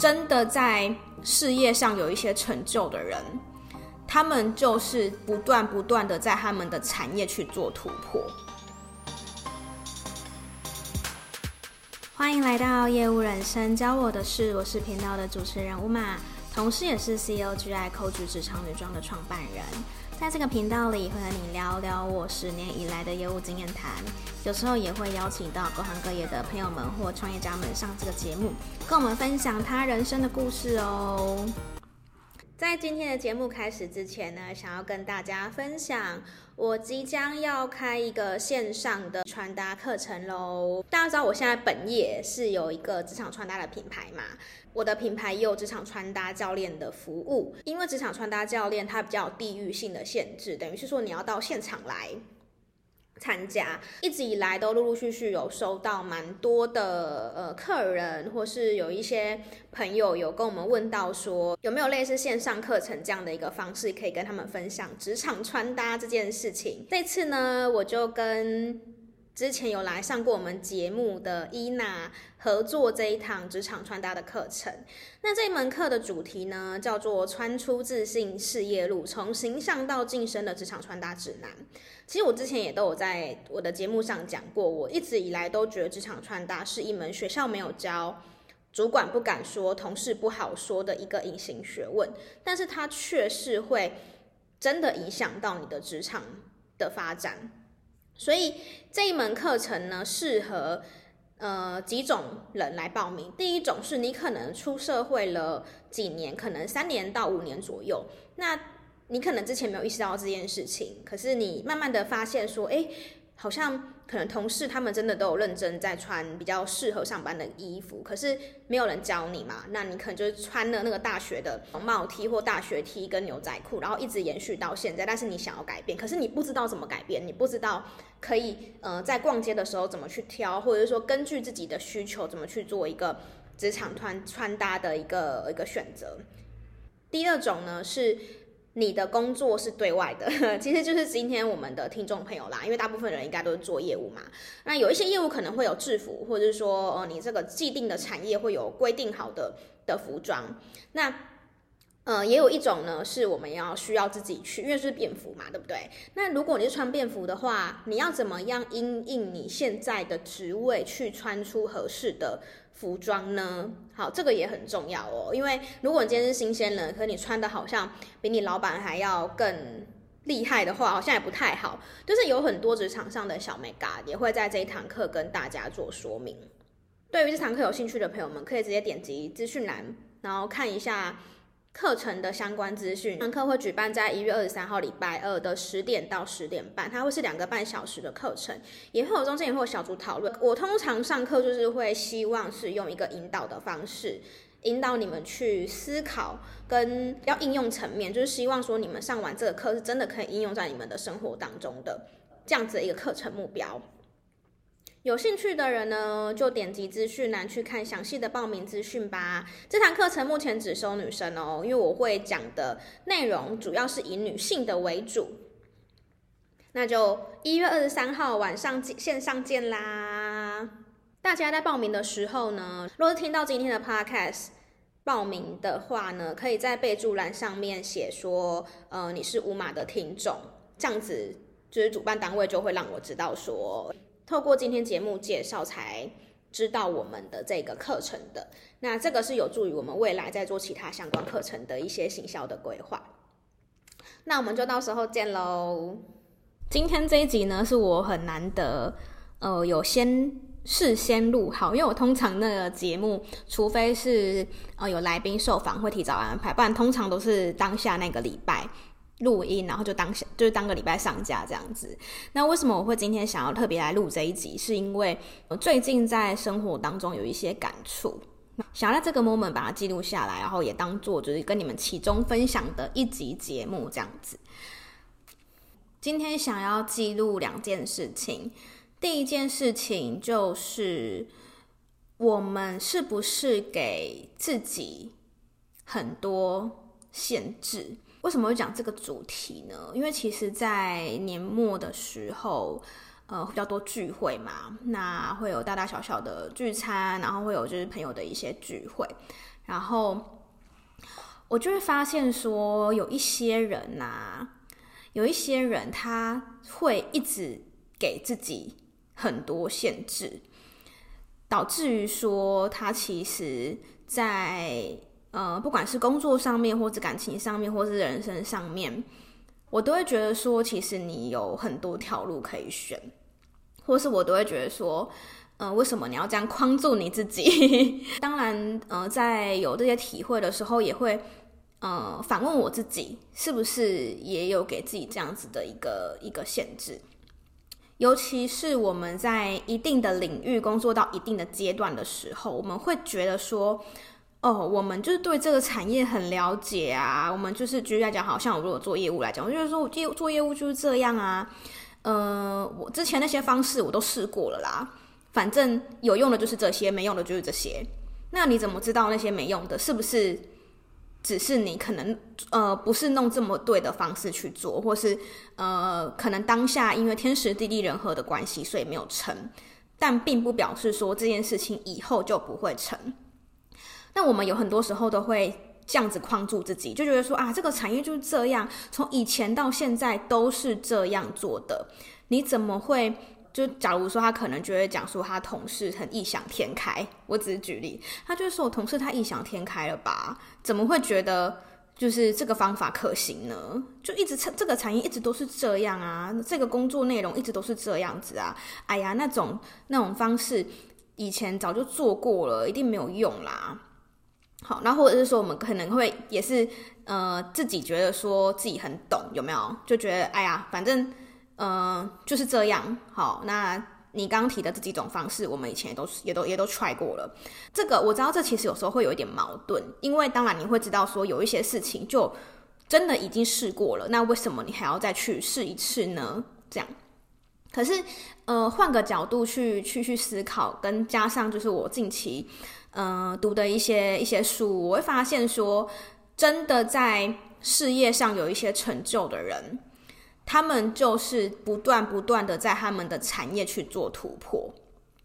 真的在事業上有一些成就的人，他們就是不斷不斷的在他們的產業去做突破。歡迎來到業務人生教我的事，我是頻道的主持人 Uma，同時也是 Cogivibe 職場女裝的創辦人。在這個頻道裡，會和你聊聊我十年以來的業務經驗談，有時候也會邀請到各行各業的朋友們或創業家們上這個節目，跟我們分享他人生的故事哦。在今天的節目開始之前呢，想要跟大家分享，我即將要開一個線上的穿搭課程嘍。大家知道我現在本業是有一個職場穿搭的品牌嘛，我的品牌也有職場穿搭教練的服務，因為職場穿搭教練它比較有地域性的限制，等於是說你要到現場來。參加。一直以來都陸陸續續有收到蠻多的呃、客人或是有一些朋友有跟我們問到說，有沒有類似線上課程這樣的一個方式可以跟他們分享職場穿搭這件事情。這次呢，我就跟之前有來上過我們節目的伊娜合作這一堂職場穿搭的課程。那這一門課的主題呢，叫做“穿出自信事業路：從形象到晉升的職場穿搭指南”。其實我之前也都有在我的節目上講過，我一直以來都覺得職場穿搭是一門學校沒有教、主管不敢說、同事不好說的一個隱形學問，但是它卻是會真的影響到你的職場的發展。所以這一門課程呢，適合呃幾種人來報名。第一種是你可能出社會了幾年，可能三年到五年左右，那你可能之前沒有意識到這件事情，可是你慢慢的發現說，哎、欸，好像可能同事他們真的都有認真在穿比較適合上班的衣服，可是沒有人教你嘛，那你可能就是穿了那個大學的帽 T 或大學 T 跟牛仔褲，然後一直延續到現在，但是你想要改變，可是你不知道怎麼改變，你不知道可以呃在逛街的時候怎麼去挑，或者是說根據自己的需求怎麼去做一個職場穿穿搭的一個一個選擇。第二種呢是。你的工作是對外的，其實就是今天我們的聽眾朋友啦，因為大部分人應該都是做業務嘛。那有一些業務可能會有制服，或者是說，呃、哦，你這個既定的產業會有規定好的的服裝。那呃、嗯，也有一種呢，是我們要需要自己去，因為是便服嘛，對不對？那如果你是穿便服的話，你要怎麼樣因應你現在的職位去穿出合適的服裝呢？好，這個也很重要哦，因為如果你今天是新鮮人，可你穿的好像比你老闆還要更厲害的話，好像也不太好。就是有很多職場上的小美嘎也會在這一堂課跟大家做說明。對於這堂課有興趣的朋友們，可以直接點擊資訊欄，然後看一下。課程的相關資訊，上課會舉辦在一月二十三號禮拜二的十點到十點半，它會是兩個半小時的課程，也會有中間也會有小組討論。我通常上課就是會希望是用一個引導的方式，引導你們去思考跟要應用層面，就是希望說你們上完這個課是真的可以應用在你們的生活當中的這樣子的一個課程目標。有興趣的人呢，就點擊資訊欄去看詳細的報名資訊吧。這堂課程目前只收女生哦，因為我會講的內容主要是以女性的為主。那就一月二十三號晚上線上見啦！大家在報名的時候呢，如果是聽到今天的 Podcast 報名的話呢，可以在備註欄上面寫說，呃，你是 Uma 的聽眾，這樣子就是主辦單位就會讓我知道說。透過今天節目介紹才知道我們的這個課程的。那這個是有助於我們未來在做其他相關課程的一些行銷的規劃。那我們就到時候見嘍。今天這一集呢，是我很難得，呃，有先事先錄好，因為我通常那個節目，除非是呃有來賓受訪會提早安排，不然通常都是當下那個禮拜。錄音，然後就當就是當個禮拜上架這樣子。那為什麼我會今天想要特別來錄這一集？是因為我最近在生活當中有一些感觸，想要在這個 moment 把它記錄下來，然後也當做就是跟你們其中分享的一集節目這樣子。今天想要記錄兩件事情，第一件事情就是我們是不是給自己很多限制？為什麼會講這個主題呢？因為其實，在年末的時候，呃，比較多聚會嘛，那會有大大小小的聚餐，然後會有就是朋友的一些聚會，然後我就會發現說，有一些人吶、啊，有一些人他會一直給自己很多限制，導致於說他其實在。呃，不管是工作上面，或者感情上面，或者是人生上面，我都會覺得說，其實你有很多條路可以選，或是我都會覺得說，呃，為什麼你要這樣框住你自己？ 當然，呃，在有這些體會的時候，也會呃反問我自己，是不是也有給自己這樣子的一個一個限制？尤其是我們在一定的領域工作到一定的階段的時候，我們會覺得說。哦，我們就是對這個產業很了解啊。我們就是，舉例來講，好像我如果做業務來講，我就是說我做業務就是這樣啊。呃，我之前那些方式我都試過了啦，反正有用的就是這些，沒用的就是這些。那你怎麼知道那些沒用的，是不是只是你可能呃不是弄這麼對的方式去做，或是呃可能當下因為天時地利人和的關係，所以沒有成，但並不表示說這件事情以後就不會成。那我們有很多時候都會這樣子框住自己，就覺得說啊，這個產業就是這樣，從以前到現在都是這樣做的。你怎麼會就？假如說他可能就會講說他同事很異想天開，我只是舉例，他就是說我同事他異想天開了吧？怎麼會覺得就是這個方法可行呢？就一直這個產業一直都是這樣啊，這個工作內容一直都是這樣子啊。哎呀，那種那種方式以前早就做過了，一定沒有用啦。好，那或者是說，我們可能會也是，呃，自己覺得說自己很懂，有沒有？就覺得哎呀，反正，嗯、呃，就是這樣。好，那你剛剛提的這幾種方式，我們以前也都也都也都 try 過了。這個我知道，這其實有時候會有一點矛盾，因為當然你會知道說，有一些事情就真的已經試過了，那為什麼你還要再去試一次呢？這樣，可是，呃，換個角度去去去思考，跟加上就是我近期。嗯，讀的一些一些書，我會發現說，真的在事業上有一些成就的人，他們就是不斷不斷的在他們的產業去做突破。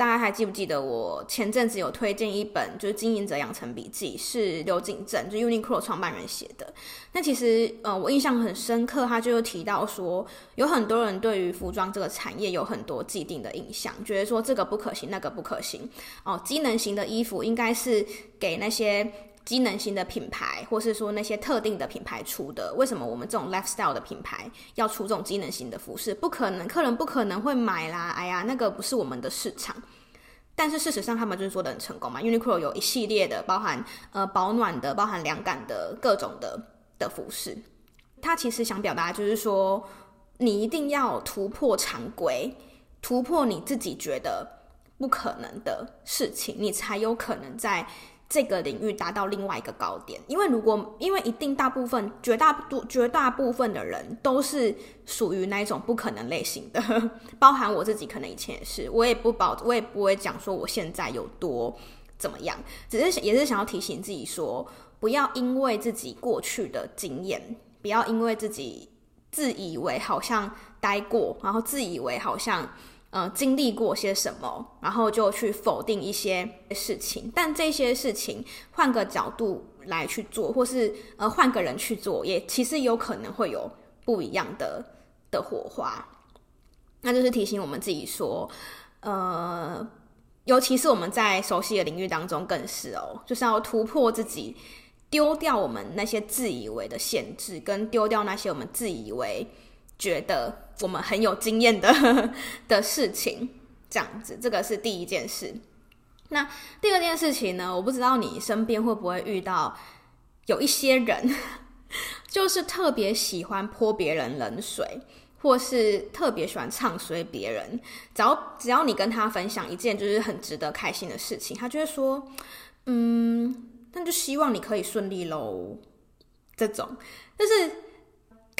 大家還記不記得我前陣子有推薦一本，就是《經營者養成筆記》，是劉景正，就 Uniqlo 創辦人寫的。那其實，呃，我印象很深刻，他就提到說，有很多人對於服裝這個產業有很多既定的印象，覺得說這個不可行，那個不可行。哦，機能型的衣服應該是給那些。機能型的品牌，或是說那些特定的品牌出的，為什麼我們這種 lifestyle 的品牌要出這種機能型的服飾？不可能，客人不可能會買啦！哎呀，那個不是我們的市場。但是事實上，他們就是做得很成功嘛。Uniqlo 有一系列的，包含呃保暖的、包含涼感的各種的的服飾。他其實想表達就是說，你一定要突破常規，突破你自己覺得不可能的事情，你才有可能在。這個領域達到另外一個高點，因為如果因為一定大部分、絕大多、絕大部分的人都是屬於那一種不可能類型的，包含我自己，可能以前也是，我也不保，我也不會講說我現在有多怎麼樣，只是也是想要提醒自己說，不要因為自己過去的經驗，不要因為自己自以為好像待過，然後自以為好像。呃，經歷過些什麼，然後就去否定一些事情，但這些事情換個角度來去做，或是呃換個人去做，也其實有可能會有不一樣的的火花。那就是提醒我們自己說，呃，尤其是我們在熟悉的領域當中更是哦，就是要突破自己，丟掉我們那些自以為的限制，跟丟掉那些我們自以為。覺得我們很有經驗的的事情，這樣子，這個是第一件事。那第二件事情呢？我不知道你身邊會不會遇到有一些人，就是特別喜歡潑別人冷水，或是特別喜歡唱衰別人。只要只要你跟他分享一件就是很值得開心的事情，他就會說：“嗯，那就希望你可以順利嘍。”這種，但是。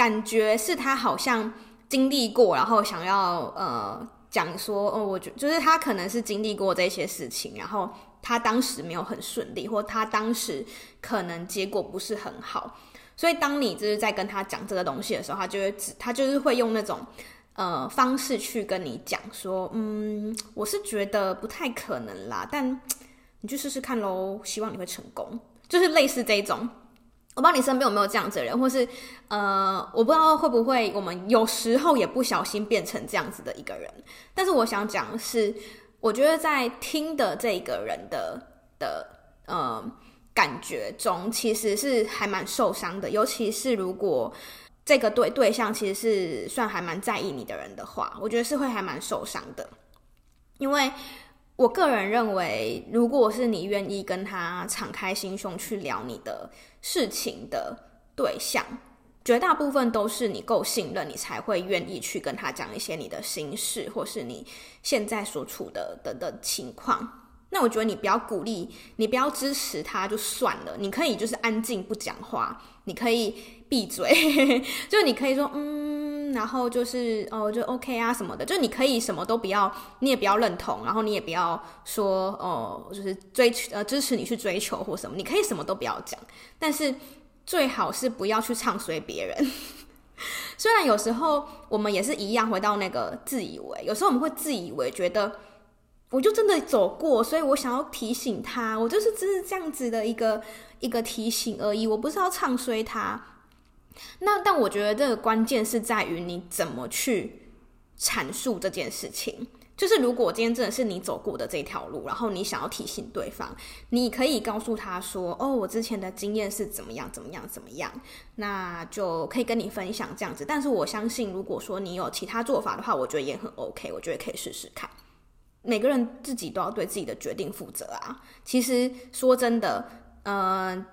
感覺是他好像經歷過，然後想要呃講說，哦，我覺得就是他可能是經歷過這些事情，然後他當時沒有很順利，或他當時可能結果不是很好，所以當你就是在跟他講這個東西的時候，他就會只他就是會用那種呃方式去跟你講說，嗯，我是覺得不太可能啦，但你就試試看嘍，希望你會成功，就是類似這種。我不知道你身邊有沒有這樣子的人，或是呃，我不知道會不會我們有時候也不小心變成這樣子的一個人。但是我想講的是，我覺得在聽的這個人的的呃感覺中，其實是還蠻受傷的。尤其是如果這個對對象其實是算還蠻在意你的人的話，我覺得是會還蠻受傷的。因為我個人認為，如果是你願意跟他敞開心胸去聊你的。事情的對象，絕大部分都是你夠信任，你才會願意去跟他講一些你的心事，或是你現在所處的，的，的情況。那我覺得你不要鼓勵，你不要支持他就算了，你可以就是安靜不講話，你可以閉嘴， 就你可以說嗯。然後就是哦，就 OK 啊什麼的，就你可以什麼都不要，你也不要認同，然後你也不要說哦，就是追呃支持你去追求或什麼，你可以什麼都不要講，但是最好是不要去唱衰別人。 雖然有時候我們也是一樣，回到那個自以為，有時候我們會自以為覺得我就真的走過，所以我想要提醒他，我就是只是這樣子的一個一個提醒而已，我不是要唱衰他。那但我覺得這個關鍵是在於你怎麼去闡述這件事情。就是如果今天真的是你走過的這條路，然後你想要提醒對方，你可以告訴他說：“哦，我之前的經驗是怎麼樣，怎麼樣，怎麼樣。”那就可以跟你分享這樣子。但是我相信，如果說你有其他做法的話，我覺得也很 OK。我覺得可以試試看。每個人自己都要對自己的決定負責啊。其實說真的，嗯、呃。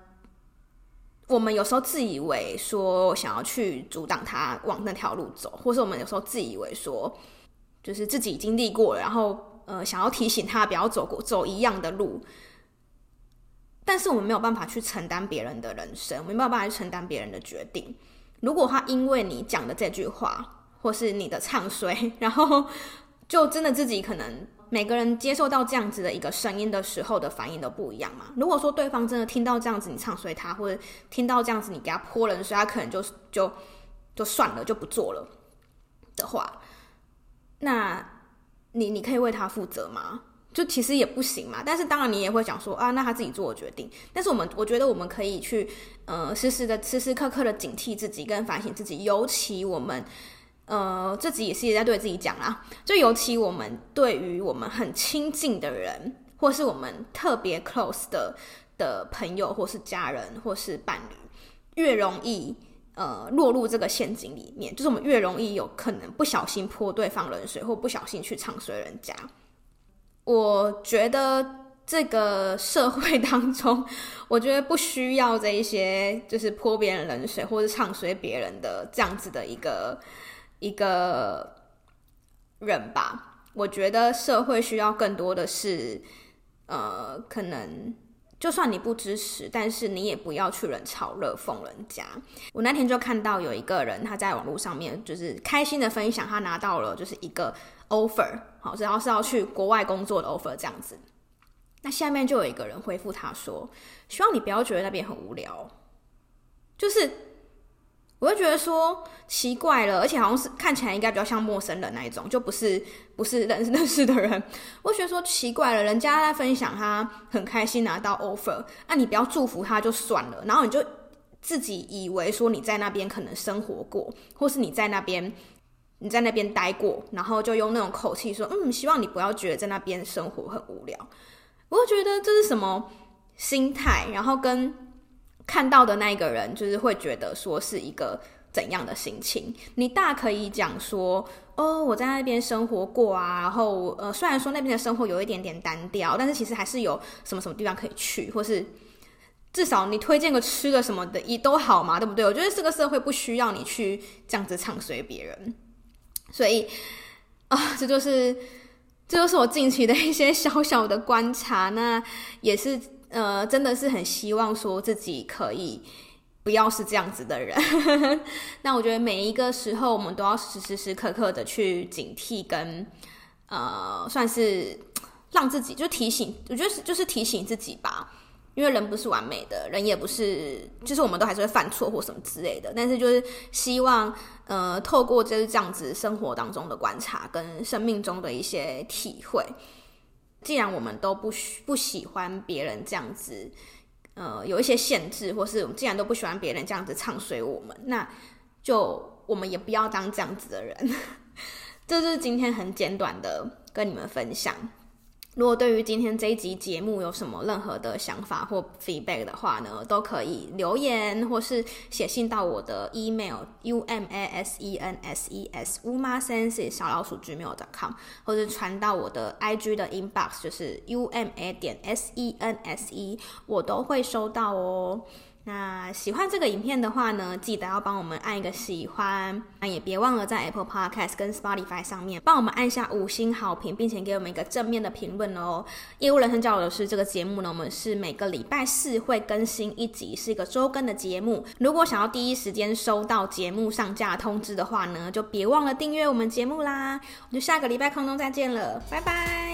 我們有時候自以為說想要去阻擋他往那條路走，或是我們有時候自以為說就是自己經歷過了，然後呃想要提醒他不要走過走一樣的路，但是我們沒有辦法去承擔別人的人生，我們沒有辦法去承擔別人的決定。如果他因為你講的這句話，或是你的唱衰，然後就真的自己可能。每個人接受到這樣子的一個聲音的時候的反應都不一樣嘛。如果說對方真的聽到這樣子你唱衰他，或者聽到這樣子你給他潑冷水，他可能就就就算了，就不做了的話，那你你可以為他負責嗎？就其實也不行嘛。但是當然你也會講說啊，那他自己做的決定。但是我們我覺得我們可以去呃時時的時時刻刻的警惕自己跟反省自己，尤其我們。呃，自己也是也在對自己講啦。就尤其我們對於我們很親近的人，或是我們特別 close 的的朋友，或是家人，或是伴侶，越容易呃落入這個陷阱裡面，就是我們越容易有可能不小心潑對方冷水，或不小心去唱衰人家。我覺得這個社會當中，我覺得不需要這一些，就是潑別人冷水，或是唱衰別人的這樣子的一個。一個人吧，我覺得社會需要更多的是，呃，可能就算你不支持，但是你也不要去冷嘲熱諷人家。我那天就看到有一個人他在網絡上面就是開心的分享他拿到了就是一個 offer，好，然後是要去國外工作的 offer 這樣子。那下面就有一個人回復他說：“希望你不要覺得那邊很無聊，就是。”我就覺得說奇怪了，而且好像是看起來應該比較像陌生人那一種，就不是不是認認識的人。我就覺得說奇怪了，人家在分享他很開心拿到 offer，那、啊、你不要祝福他就算了，然後你就自己以為說你在那邊可能生活過，或是你在那邊你在那邊待過，然後就用那種口氣說，嗯，希望你不要覺得在那邊生活很無聊。我就覺得這是什麼心態，然後跟。看到的那一個人，就是會覺得說是一個怎樣的心情？你大可以講說，哦，我在那邊生活過啊，然後呃，雖然說那邊的生活有一點點單調，但是其實還是有什麼什麼地方可以去，或是至少你推薦個吃的什麼的，也都好嘛，對不對？我覺得這個社會不需要你去這樣子唱衰別人，所以啊、呃，這就是這就是我近期的一些小小的觀察，那也是。呃，真的是很希望說自己可以不要是這樣子的人。 那我覺得每一個時候，我們都要時時時刻刻的去警惕跟呃，算是讓自己就提醒，我覺得是就是提醒自己吧。因為人不是完美的，人也不是，就是我們都還是會犯錯或什麼之類的。但是就是希望，呃，透過就是這樣子生活當中的觀察跟生命中的一些體會。既然我們都不不喜歡別人這樣子，呃，有一些限制，或是我們既然都不喜歡別人這樣子唱衰我們，那就我們也不要當這樣子的人。 這就是今天很簡短的跟你們分享。如果對於今天這一集節目有什麼任何的想法或 feedback 的話呢，都可以留言或是寫信到我的 email u m a s e n s e s umasenses 小老鼠 gmail.com，或者是傳到我的 IG 的 inbox，就是 u m a 點 s e n s e，我都會收到哦。那喜歡這個影片的話呢，記得要幫我們按一個喜歡，那也別忘了在 Apple Podcast 跟 Spotify 上面幫我們按下五星好評，並且給我們一個正面的評論哦。業務人生教我的事，這個節目呢，我們是每個禮拜四會更新一集，是一個週更的節目。如果想要第一時間收到節目上架通知的話呢，就別忘了訂閱我們節目啦。我們就下個禮拜空中再見了，拜拜。